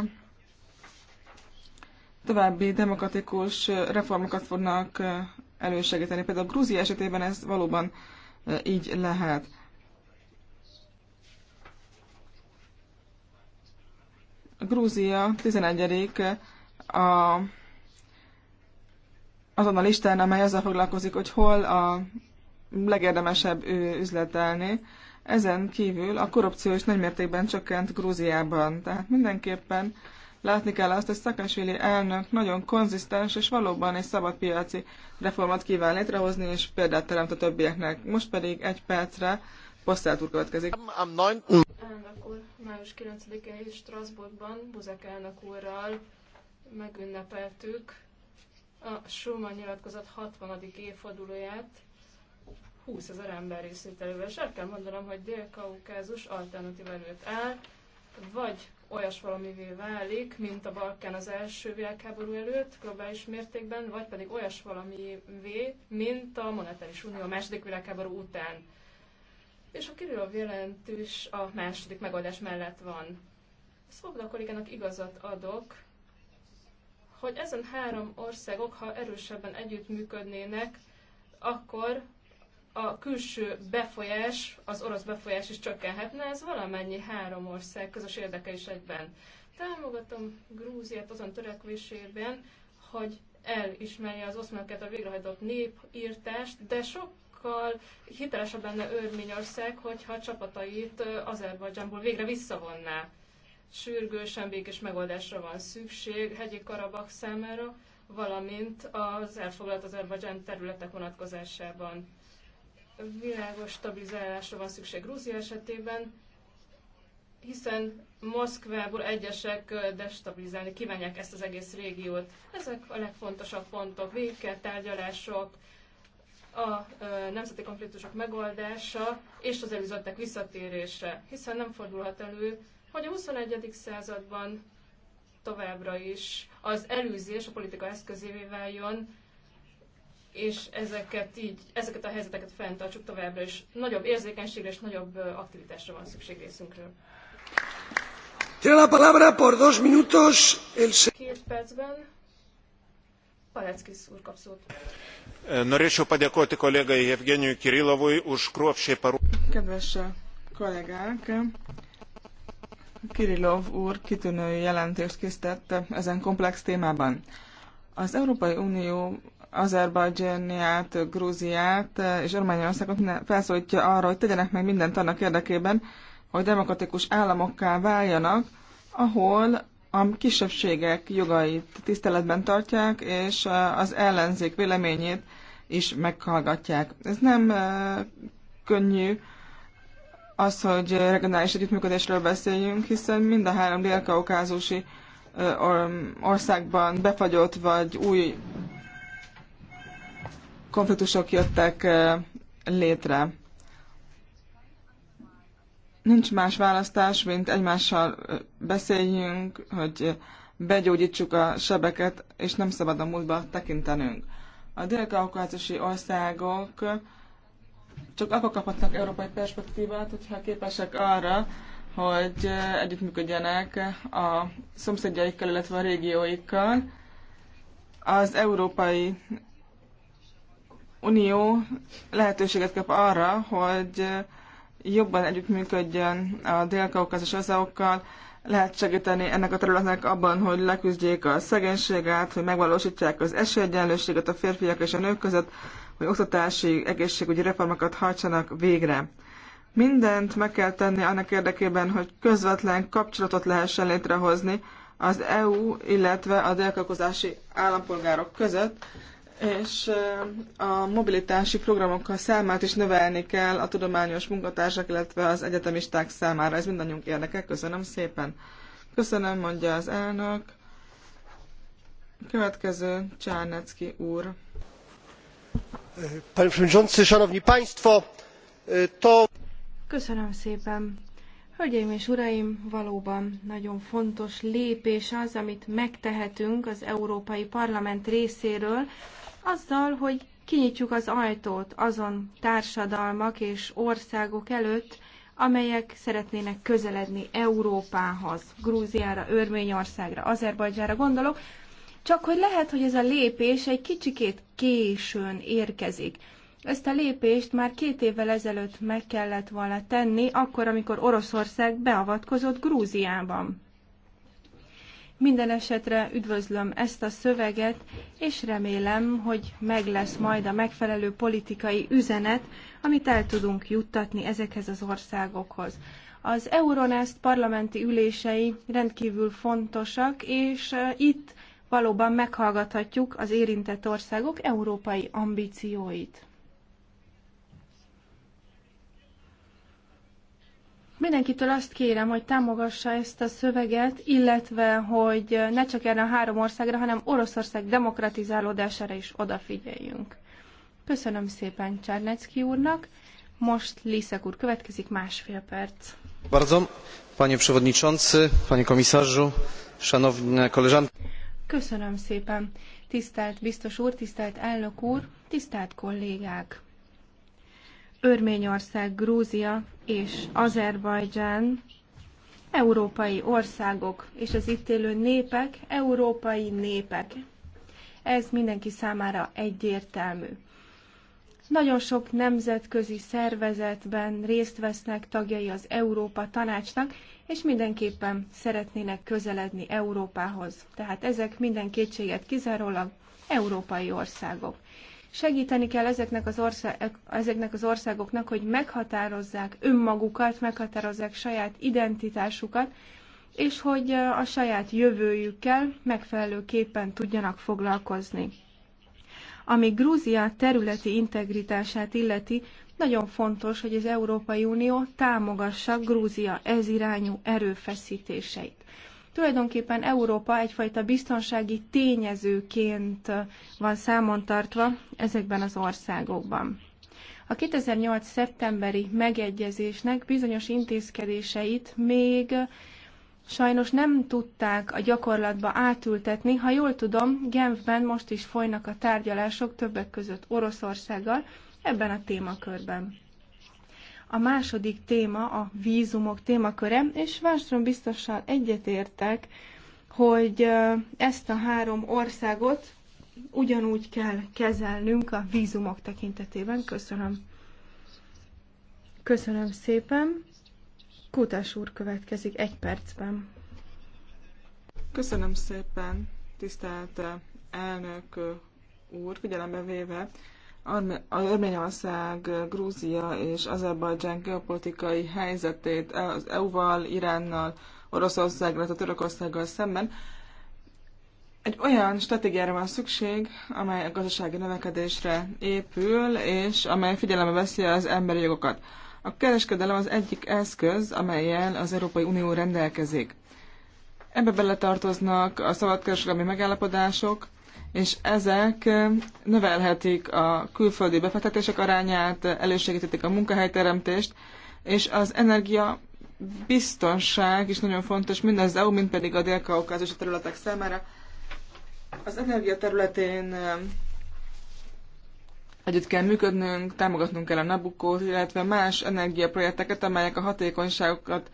további demokratikus reformokat fognak elősegíteni. Például Grúzia esetében ez valóban eh, így lehet. Grúzia 11 a, azon a listán, amely azzal foglalkozik, hogy hol a legérdemesebb üzletelni. Ezen kívül a korrupció is nagymértékben csökkent Grúziában. Tehát mindenképpen látni kell azt, hogy Szakásvili elnök nagyon konzisztens és valóban egy szabadpiaci reformat kíván létrehozni, és példát teremt a többieknek. Most pedig egy percre Posztelt úr következik. Elnök úr, május 9-én Strasbourgban Buzek elnök úrral megünnepeltük a Schumann nyilatkozat 60. évfordulóját 20 ezer ember részvételével, és el kell mondanom, hogy Dél-Kaukázus alternatív előtt áll, vagy olyas valamivé válik, mint a Balkán az első világháború előtt globális mértékben, vagy pedig olyas valamivé, mint a monetáris unió a második világháború után és a Kirillov jelentős a második megoldás mellett van. Szóval a kollégának igazat adok, hogy ezen három országok, ha erősebben együttműködnének, akkor a külső befolyás, az orosz befolyás is csökkenhetne, ez valamennyi három ország közös érdeke is egyben. Támogatom Grúziát azon törekvésében, hogy elismerje az oszmánokat a végrehajtott népírtást, de sok sokkal hitelesebb lenne Örményország, hogyha a csapatait Azerbajdzsánból végre visszavonná. Sürgősen békés megoldásra van szükség hegyi Karabak számára, valamint az elfoglalt Azerbajdzsán területek vonatkozásában. Világos stabilizálásra van szükség Grúzia esetében, hiszen Moszkvából egyesek destabilizálni kívánják ezt az egész régiót. Ezek a legfontosabb pontok, véke, tárgyalások, a nemzeti konfliktusok megoldása és az előzöttek visszatérése, hiszen nem fordulhat elő, hogy a XXI. században továbbra is az előzés a politika eszközévé váljon, és ezeket, így, ezeket a helyzeteket fenntartsuk továbbra is. Nagyobb érzékenységre és nagyobb aktivitásra van szükség részünkről. Két percben Paleckis úr kap szót. E, norėčiau padėkoti kolegai Evgenijui Kirilovui už kruopšiai parūpinti. Kedves kollégák, Kirillov úr kitűnő jelentést készített ezen komplex témában. Az Európai Unió Azerbajdzsániát, Grúziát és Örményországot felszólítja arra, hogy tegyenek meg mindent annak érdekében, hogy demokratikus államokká váljanak, ahol a kisebbségek jogait tiszteletben tartják, és az ellenzék véleményét is meghallgatják. Ez nem könnyű az, hogy regionális együttműködésről beszéljünk, hiszen mind a három délkaukázusi országban befagyott vagy új konfliktusok jöttek létre nincs más választás, mint egymással beszéljünk, hogy begyógyítsuk a sebeket, és nem szabad a múltba tekintenünk. A dél-kaukázusi országok csak akkor kaphatnak európai perspektívát, hogyha képesek arra, hogy együttműködjenek a szomszédjaikkal, illetve a régióikkal. Az Európai Unió lehetőséget kap arra, hogy jobban együttműködjön a dél-kaukazus országokkal, e lehet segíteni ennek a területnek abban, hogy leküzdjék a szegénységet, hogy megvalósítsák az esélyegyenlőséget a férfiak és a nők között, hogy oktatási, egészségügyi reformokat hajtsanak végre. Mindent meg kell tenni annak érdekében, hogy közvetlen kapcsolatot lehessen létrehozni az EU, illetve a délkakozási állampolgárok között, és a mobilitási programokkal számát is növelni kell a tudományos munkatársak, illetve az egyetemisták számára. Ez mindannyiunk érdeke. Köszönöm szépen. Köszönöm, mondja az elnök. Következő Csárnecki úr. Panie Przewodniczący, Szanowni Państwo, to... Köszönöm szépen. Hölgyeim és uraim, valóban nagyon fontos lépés az, amit megtehetünk az Európai Parlament részéről azzal, hogy kinyitjuk az ajtót azon társadalmak és országok előtt, amelyek szeretnének közeledni Európához, Grúziára, Örményországra, Azerbajdzsára gondolok, csak hogy lehet, hogy ez a lépés egy kicsikét későn érkezik. Ezt a lépést már két évvel ezelőtt meg kellett volna tenni, akkor, amikor Oroszország beavatkozott Grúziában. Minden esetre üdvözlöm ezt a szöveget, és remélem, hogy meg lesz majd a megfelelő politikai üzenet, amit el tudunk juttatni ezekhez az országokhoz. Az Euronest parlamenti ülései rendkívül fontosak, és itt valóban meghallgathatjuk az érintett országok európai ambícióit. Mindenkitől azt kérem, hogy támogassa ezt a szöveget, illetve, hogy ne csak erre a három országra, hanem Oroszország demokratizálódására is odafigyeljünk. Köszönöm szépen Csárnecki úrnak. Most Liszek úr következik másfél perc. Bardzo, panie przewodniczący, panie komisarzu, szanowne koleżanki. Köszönöm szépen. Tisztelt biztos úr, tisztelt elnök úr, tisztelt kollégák. Örményország, Grúzia és Azerbajdzsán európai országok, és az itt élő népek európai népek. Ez mindenki számára egyértelmű. Nagyon sok nemzetközi szervezetben részt vesznek tagjai az Európa Tanácsnak, és mindenképpen szeretnének közeledni Európához. Tehát ezek minden kétséget kizárólag európai országok. Segíteni kell ezeknek az, ország, ezeknek az országoknak, hogy meghatározzák önmagukat, meghatározzák saját identitásukat, és hogy eh, a saját jövőjükkel megfelelőképpen tudjanak foglalkozni. Ami Grúzia területi integritását illeti, nagyon fontos, hogy az Európai Unió támogassa Grúzia ez irányú erőfeszítéseit. Tulajdonképpen Európa egyfajta biztonsági tényezőként van számon tartva ezekben az országokban. A 2008. szeptemberi megegyezésnek bizonyos intézkedéseit még sajnos nem tudták a gyakorlatba átültetni. Ha jól tudom, Genfben most is folynak a tárgyalások többek között Oroszországgal ebben a témakörben. A második téma a vízumok témaköre, és Wallström biztossal egyetértek, hogy ezt a három országot ugyanúgy kell kezelnünk a vízumok tekintetében. Köszönöm. Köszönöm szépen. Kutás úr következik egy percben. Köszönöm szépen, tisztelt elnök úr, figyelembe véve Örményország, Grúzia és Azerbajdzsán geopolitikai helyzetét az EU-val, Iránnal, Oroszországgal, a Törökországgal szemben. Egy olyan stratégiára van szükség, amely a gazdasági növekedésre épül, és amely figyelembe veszi az emberi jogokat. A kereskedelem az egyik eszköz, amelyel az Európai Unió rendelkezik. Ebbe beletartoznak a szabadkereskedelmi megállapodások, és ezek növelhetik a külföldi befektetések arányát, elősegíthetik a munkahelyteremtést, és az energia biztonság is nagyon fontos, mind az EU, mind pedig a dél-kaukázusi területek számára. Az energia területén együtt kell működnünk, támogatnunk kell a Nabukót, illetve más energiaprojekteket, amelyek a hatékonyságokat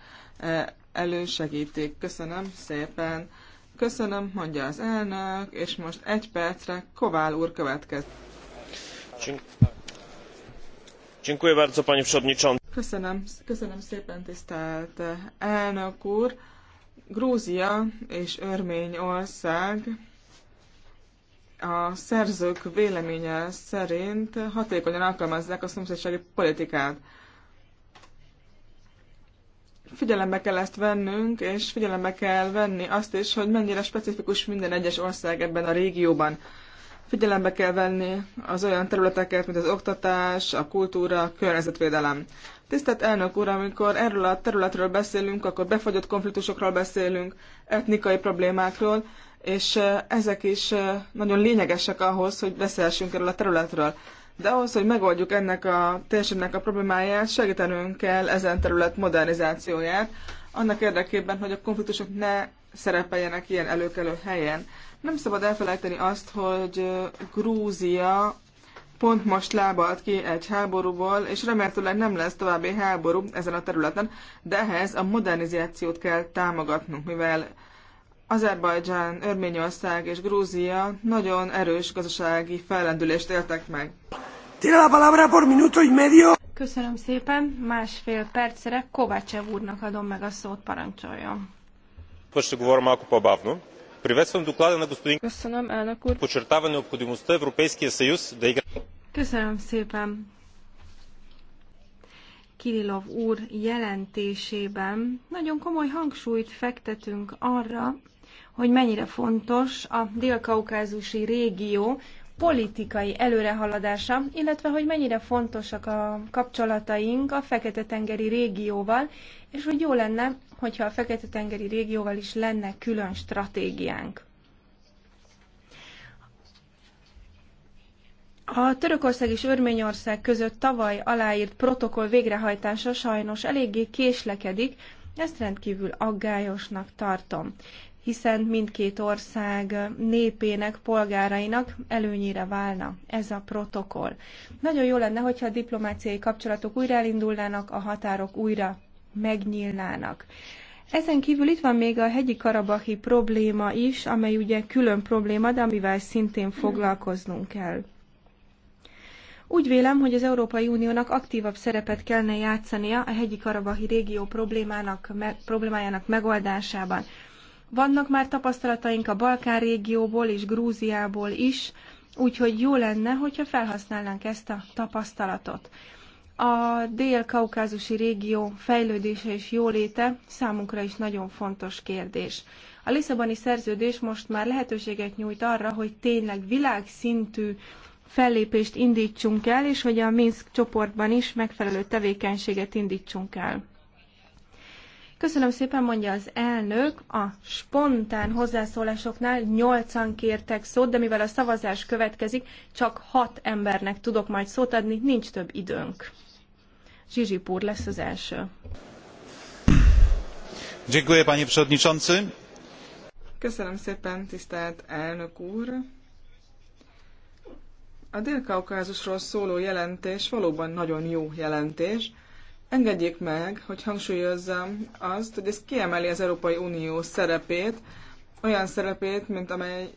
elősegítik. Köszönöm szépen! Köszönöm, mondja az elnök, és most egy percre Kovál úr következik. Köszönöm, köszönöm szépen, tisztelt eh, elnök úr. Grúzia és Örményország a szerzők véleménye szerint hatékonyan alkalmazzák a szomszédsági politikát figyelembe kell ezt vennünk, és figyelembe kell venni azt is, hogy mennyire specifikus minden egyes ország ebben a régióban. Figyelembe kell venni az olyan területeket, mint az oktatás, a kultúra, a környezetvédelem. Tisztelt elnök úr, amikor erről a területről beszélünk, akkor befagyott konfliktusokról beszélünk, etnikai problémákról, és eh, ezek is eh, nagyon lényegesek ahhoz, hogy beszélhessünk erről a területről. De ahhoz, hogy megoldjuk ennek a térségnek a problémáját, segítenünk kell ezen terület modernizációját, annak érdekében, hogy a konfliktusok ne szerepeljenek ilyen előkelő helyen. Nem szabad elfelejteni azt, hogy Grúzia pont most lábalt ki egy háborúból, és remélhetőleg nem lesz további háború ezen a területen, de ehhez a modernizációt kell támogatnunk, mivel Azerbajdzsán, Örményország és Grúzia nagyon erős gazdasági fellendülést éltek meg. Tiene la palabra por minuto y medio. Köszönöm szépen. Másfél percre Kovácsev úrnak adom meg a szót, parancsoljon. Köszönöm, elnök úr. Köszönöm szépen. Kirilov úr jelentésében nagyon komoly hangsúlyt fektetünk arra, hogy mennyire fontos a dél-kaukázusi régió politikai előrehaladása, illetve hogy mennyire fontosak a kapcsolataink a Fekete-tengeri régióval, és hogy jó lenne, hogyha a Fekete-tengeri régióval is lenne külön stratégiánk. A Törökország és Örményország között tavaly aláírt protokoll végrehajtása sajnos eléggé késlekedik, ezt rendkívül aggályosnak tartom hiszen mindkét ország népének, polgárainak előnyére válna ez a protokoll. Nagyon jó lenne, hogyha a diplomáciai kapcsolatok újra elindulnának, a határok újra megnyílnának. Ezen kívül itt van még a hegyi karabahi probléma is, amely ugye külön probléma, de amivel szintén foglalkoznunk kell. Úgy vélem, hogy az Európai Uniónak aktívabb szerepet kellene játszania a hegyi karabahi régió problémának, me, problémájának megoldásában. Vannak már tapasztalataink a Balkán régióból és Grúziából is, úgyhogy jó lenne, hogyha felhasználnánk ezt a tapasztalatot. A dél-kaukázusi régió fejlődése és jóléte számunkra is nagyon fontos kérdés. A Lisszaboni szerződés most már lehetőséget nyújt arra, hogy tényleg világszintű fellépést indítsunk el, és hogy a Minsk csoportban is megfelelő tevékenységet indítsunk el. Köszönöm szépen, mondja az elnök. A spontán hozzászólásoknál nyolcan kértek szót, de mivel a szavazás következik, csak hat embernek tudok majd szót adni, nincs több időnk. Zsizsi Púr lesz az első. Dziękuję, panie przewodniczący. Köszönöm szépen, tisztelt elnök úr. A Dél-Kaukázusról szóló jelentés valóban nagyon jó jelentés Engedjék meg, hogy hangsúlyozzam azt, hogy ez kiemeli az Európai Unió szerepét, olyan szerepét, mint amely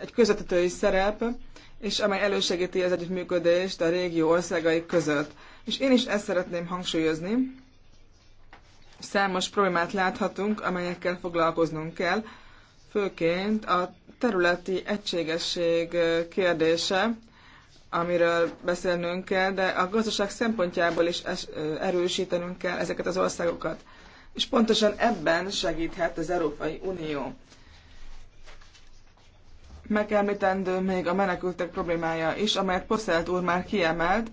egy közvetítői szerep, és amely elősegíti az együttműködést a régió országai között. És én is ezt szeretném hangsúlyozni. Számos problémát láthatunk, amelyekkel foglalkoznunk kell, főként a területi egységesség kérdése, amiről beszélnünk kell, de a gazdaság szempontjából is erősítenünk kell ezeket az országokat. És pontosan ebben segíthet az Európai Unió. Megemlítendő még a menekültek problémája is, amelyet Poszelt úr már kiemelt.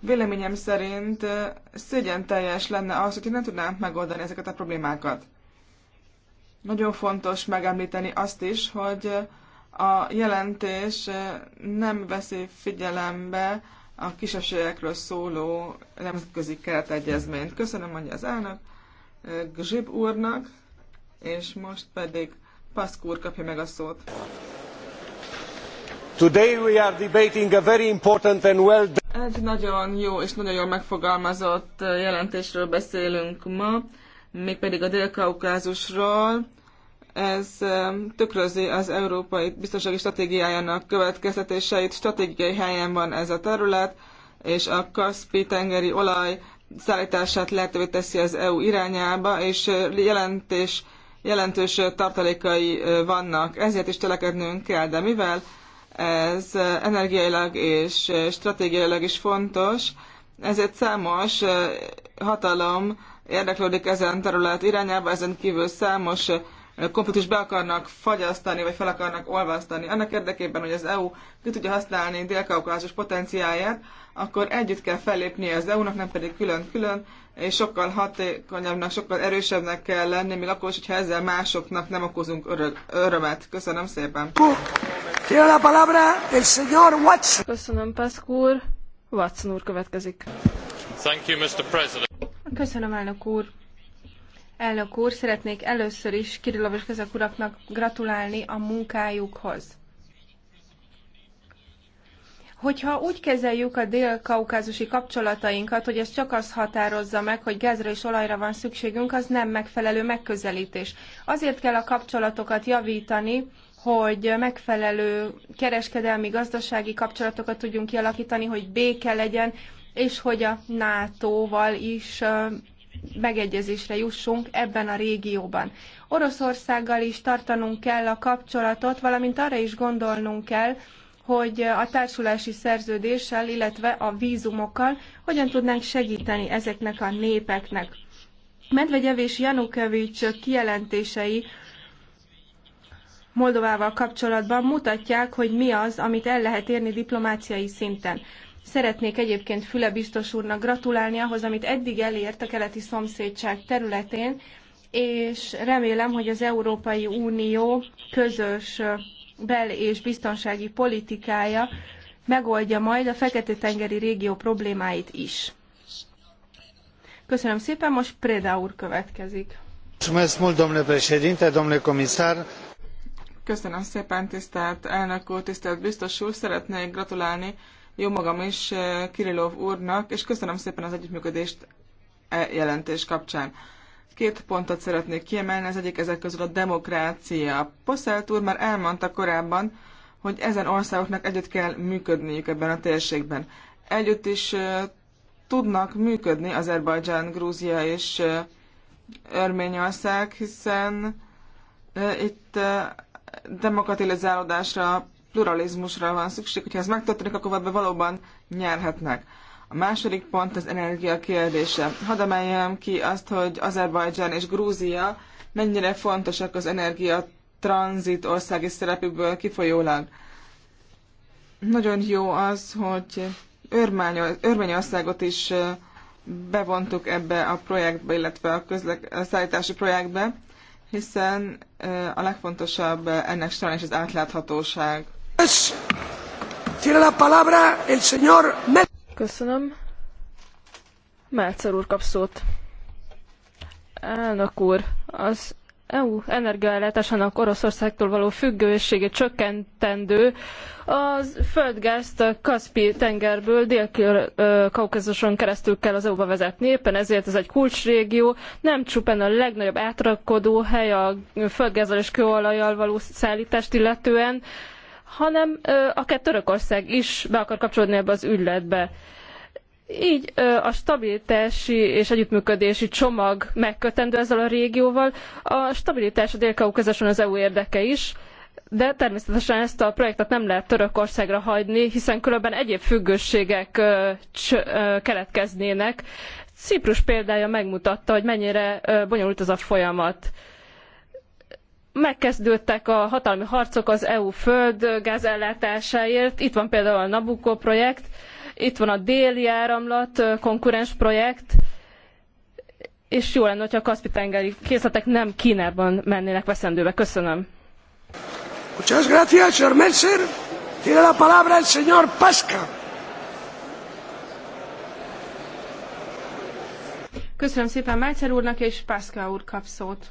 Véleményem szerint szégyen teljes lenne az, hogy nem tudnánk megoldani ezeket a problémákat. Nagyon fontos megemlíteni azt is, hogy a jelentés nem veszi figyelembe a kisebbségekről szóló nemzetközi keretegyezményt. Köszönöm, mondja az elnök, Gzsib úrnak, és most pedig úr kapja meg a szót. Today we are debating a very important and well egy nagyon jó és nagyon jól megfogalmazott jelentésről beszélünk ma, mégpedig a Dél-Kaukázusról, ez tükrözi az európai biztonsági stratégiájának következtetéseit. Stratégiai helyen van ez a terület, és a Kaspi tengeri olaj szállítását lehetővé teszi az EU irányába, és jelentés, jelentős tartalékai vannak. Ezért is telekednünk kell, de mivel ez energiailag és stratégiailag is fontos, ezért számos hatalom érdeklődik ezen terület irányába, ezen kívül számos konfliktus be akarnak fagyasztani, vagy fel akarnak olvasztani, annak érdekében, hogy az EU ki tudja használni dél-kaukázus potenciáját, akkor együtt kell fellépnie az EU-nak, nem pedig külön-külön, és sokkal hatékonyabbnak, sokkal erősebbnek kell lenni, még akkor is, hogyha ezzel másoknak nem okozunk örö- örömet. Köszönöm szépen. Köszönöm, Peszkúr. Watson úr következik. Thank you, Mr. President. Köszönöm, elnök úr. Elnök úr, szeretnék először is Kirillov Kazak uraknak gratulálni a munkájukhoz. Hogyha úgy kezeljük a dél-kaukázusi kapcsolatainkat, hogy ez csak az határozza meg, hogy gázra és olajra van szükségünk, az nem megfelelő megközelítés. Azért kell a kapcsolatokat javítani, hogy megfelelő kereskedelmi, gazdasági kapcsolatokat tudjunk kialakítani, hogy béke legyen, és hogy a NATO-val is megegyezésre jussunk ebben a régióban. Oroszországgal is tartanunk kell a kapcsolatot, valamint arra is gondolnunk kell, hogy a társulási szerződéssel, illetve a vízumokkal hogyan tudnánk segíteni ezeknek a népeknek. Medvegyev és Janukovics kijelentései Moldovával kapcsolatban mutatják, hogy mi az, amit el lehet érni diplomáciai szinten. Szeretnék egyébként Füle biztos úrnak gratulálni ahhoz, amit eddig elért a keleti szomszédság területén, és remélem, hogy az Európai Unió közös bel- és biztonsági politikája megoldja majd a Fekete-tengeri régió problémáit is. Köszönöm szépen, most Preda úr következik. Köszönöm szépen, tisztelt elnök úr, tisztelt biztos úr, szeretnék gratulálni jó magam is eh, Kirilov úrnak, és köszönöm szépen az együttműködést e jelentés kapcsán. Két pontot szeretnék kiemelni, az egyik ezek közül a demokrácia. Poszelt úr már elmondta korábban, hogy ezen országoknak együtt kell működniük ebben a térségben. Együtt is eh, tudnak működni Azerbajdzsán, Grúzia és eh, Örményország, hiszen itt demokratizálódásra, pluralizmusra van szükség, hogyha ez megtörténik, akkor ebben valóban nyerhetnek. A második pont az energia kérdése. Hadd emeljem ki azt, hogy Azerbajdzsán és Grúzia mennyire fontosak az energia tranzit országi szerepükből kifolyólag. Nagyon jó az, hogy Örményországot is bevontuk ebbe a projektbe, illetve a, közlek, a szállítási projektbe, hiszen a legfontosabb ennek során is az átláthatóság el Köszönöm. Meltzer úr kap szót. Elnök úr, az EU energiaellátásának Oroszországtól való függőségét csökkentendő a földgázt a Kaspi tengerből dél-kaukazuson keresztül kell az EU-ba vezetni, éppen ezért ez egy kulcsrégió, nem csupán a legnagyobb átrakodó hely a földgázzal és kőolajjal való szállítást illetően, hanem akár Törökország is be akar kapcsolódni ebbe az ügyletbe. Így a stabilitási és együttműködési csomag megkötendő ezzel a régióval. A stabilitás a dél-kaukazáson az EU érdeke is, de természetesen ezt a projektet nem lehet Törökországra hagyni, hiszen különben egyéb függőségek keletkeznének. Ciprus példája megmutatta, hogy mennyire bonyolult ez a folyamat megkezdődtek a hatalmi harcok az EU föld gázellátásáért. Itt van például a Nabucco projekt, itt van a déli áramlat konkurens projekt, és jó lenne, hogyha a Kaspi-tengeri készletek nem Kínában mennének veszendőbe. Köszönöm. Muchas gracias, señor Melser. Tiene la palabra el señor Pasca. Köszönöm szépen Melzer úrnak, és Pasca úr kap szót.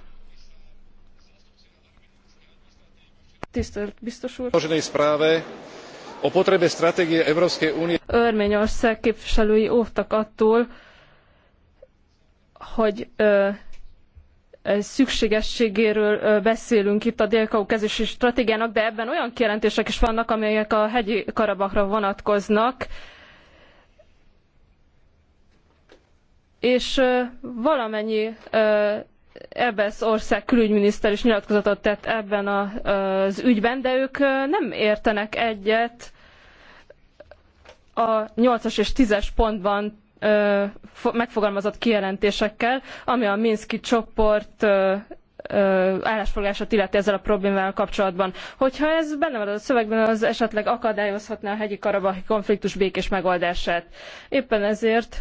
predloženej správe o potrebe stratégie Európskej únie. Örményország képviselői óvtak attól, hogy ö, szükségességéről beszélünk itt a délkaukázusi stratégiának, de ebben olyan kijelentések is vannak, amelyek a hegyi karabakra vonatkoznak. És valamennyi Ebesz ország külügyminiszter is nyilatkozatot tett ebben az ügyben, de ők nem értenek egyet a 8-as és 10-es pontban megfogalmazott kijelentésekkel, ami a Minszki csoport állásfoglalását illeti ezzel a problémával kapcsolatban. Hogyha ez benne van a szövegben, az esetleg akadályozhatná a hegyi karabahi konfliktus békés megoldását. Éppen ezért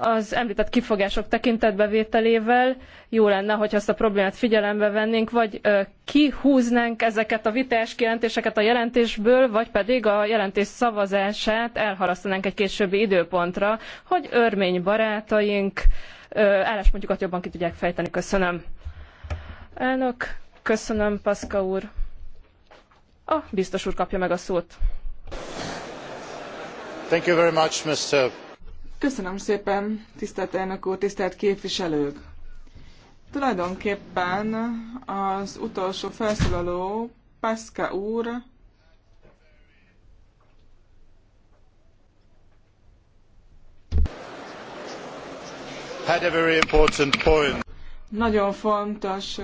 az említett kifogások tekintetbevételével jó lenne, hogyha ezt a problémát figyelembe vennénk, vagy kihúznánk ezeket a vitás kijelentéseket a jelentésből, vagy pedig a jelentés szavazását elhalasztanánk egy későbbi időpontra, hogy örmény barátaink álláspontjukat jobban ki tudják fejteni. Köszönöm. Elnök, köszönöm, Paszka úr. A biztos úr kapja meg a szót. Thank you very much, Mr. Köszönöm szépen, tisztelt elnök úr, tisztelt képviselők! Tulajdonképpen az utolsó felszólaló, Pászka úr, had a very important point. Nagyon fontos,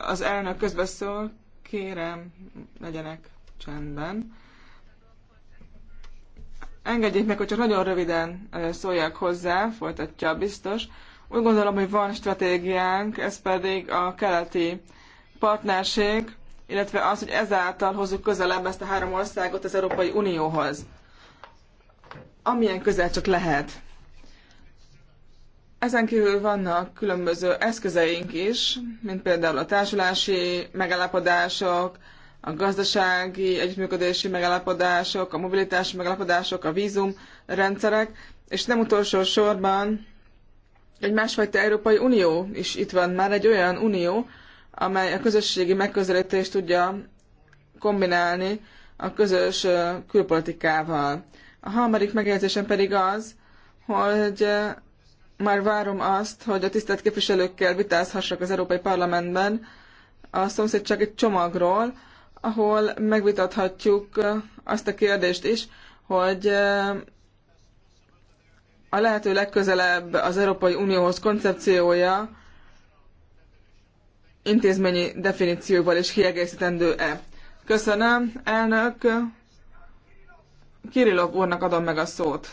az elnök közbeszól, kérem, legyenek csendben. Engedjék meg, hogy csak nagyon röviden szóljak hozzá, folytatja biztos. Úgy gondolom, hogy van stratégiánk, ez pedig a keleti partnerség, illetve az, hogy ezáltal hozzuk közelebb ezt a három országot az Európai Unióhoz. Amilyen közel csak lehet. Ezen kívül vannak különböző eszközeink is, mint például a társulási megállapodások, a gazdasági együttműködési megállapodások, a mobilitási megállapodások, a vízumrendszerek, és nem utolsó sorban egy másfajta Európai Unió is itt van már, egy olyan unió, amely a közösségi megközelítést tudja kombinálni a közös külpolitikával. A harmadik megjegyzésem pedig az, hogy már várom azt, hogy a tisztelt képviselőkkel vitázhassak az Európai Parlamentben a szomszédsági csomagról, ahol megvitathatjuk azt a kérdést is, hogy a lehető legközelebb az Európai Unióhoz koncepciója intézményi definícióval is kiegészítendő-e. Köszönöm, elnök. Kirillov úrnak adom meg a szót.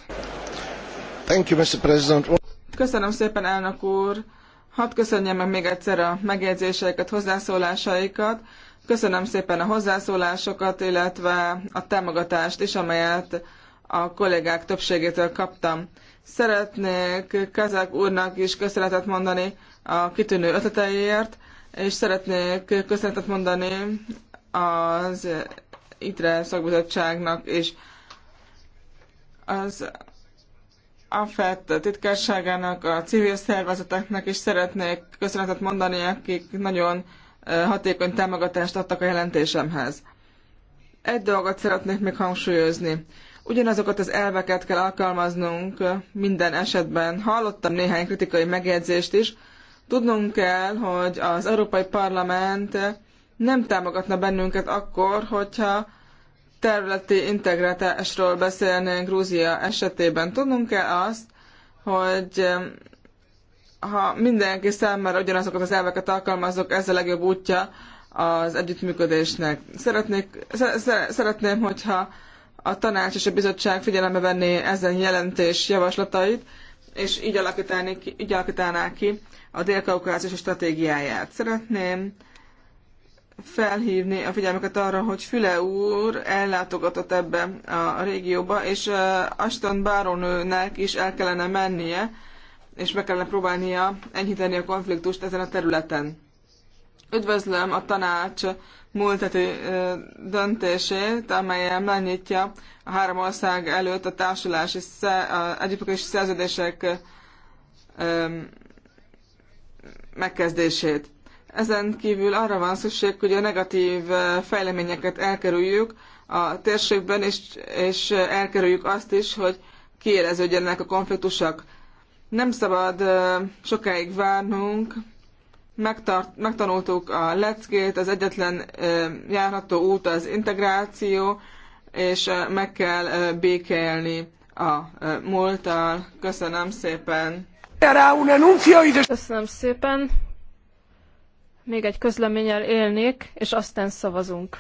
Thank you, Mr. President. Köszönöm szépen, elnök úr. Hadd köszönjem meg még egyszer a megjegyzéseiket, hozzászólásaikat. Köszönöm szépen a hozzászólásokat, illetve a támogatást is, amelyet a kollégák többségétől kaptam. Szeretnék Kazák úrnak is köszönetet mondani a kitűnő ötleteiért, és szeretnék köszönetet mondani az ITRE szakbizottságnak és az AFET titkárságának, a civil szervezeteknek is szeretnék köszönetet mondani, akik nagyon hatékony támogatást adtak a jelentésemhez. Egy dolgot szeretnék még hangsúlyozni. Ugyanazokat az elveket kell alkalmaznunk minden esetben. Hallottam néhány kritikai megjegyzést is. Tudnunk kell, hogy az Európai Parlament nem támogatna bennünket akkor, hogyha területi integrálásról beszélnénk Grúzia esetében. Tudnunk kell azt, hogy ha mindenki számára ugyanazokat az elveket alkalmazzuk, ez a legjobb útja az együttműködésnek. Szeretnék, szeretném, hogyha a tanács és a bizottság figyelembe venné ezen jelentés javaslatait, és így, alakítani, így alakítaná ki a dél-kaukázus stratégiáját. Szeretném felhívni a figyelmeket arra, hogy Füle úr ellátogatott ebbe a régióba, és Aston Barónőnek is el kellene mennie, és meg kellene próbálnia enyhíteni a konfliktust ezen a területen. Üdvözlöm a tanács múltető döntését, amelyen megnyitja a három ország előtt a társulási együttműködési szerződések megkezdését. Ezen kívül arra van szükség, hogy a negatív fejleményeket elkerüljük a térségben, és, és elkerüljük azt is, hogy kiéleződjenek a konfliktusok. Nem szabad sokáig várnunk, Megtart, megtanultuk a leckét, az egyetlen járható út az integráció, és meg kell békélni a múlttal. Köszönöm szépen! Köszönöm szépen! Még egy közleménnyel élnék, és aztán szavazunk.